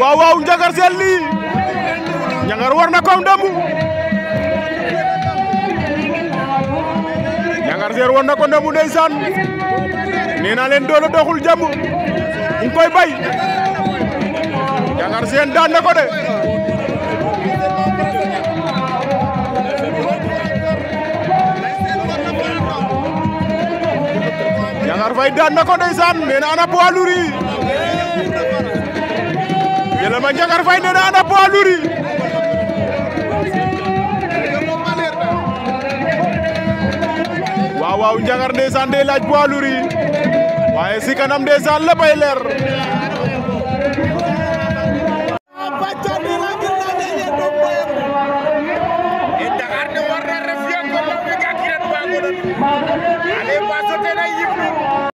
waaw waaw njagar selli njagar war na ko ndëmbu Ndiagar Selly war na ko ndëmbu ndeysaan nee naa jangan doole doxul jàmm ñu koy bay njagar sen dan na ko de njagar fay dan na ko ndeysaan na ana poids Élément Ndiakhar Faye nee na ana poids luri, yi waaw waaw Ndiakhar ndeysaan day laaj poids lourd si kanam ndeysaan la bay leer Allez,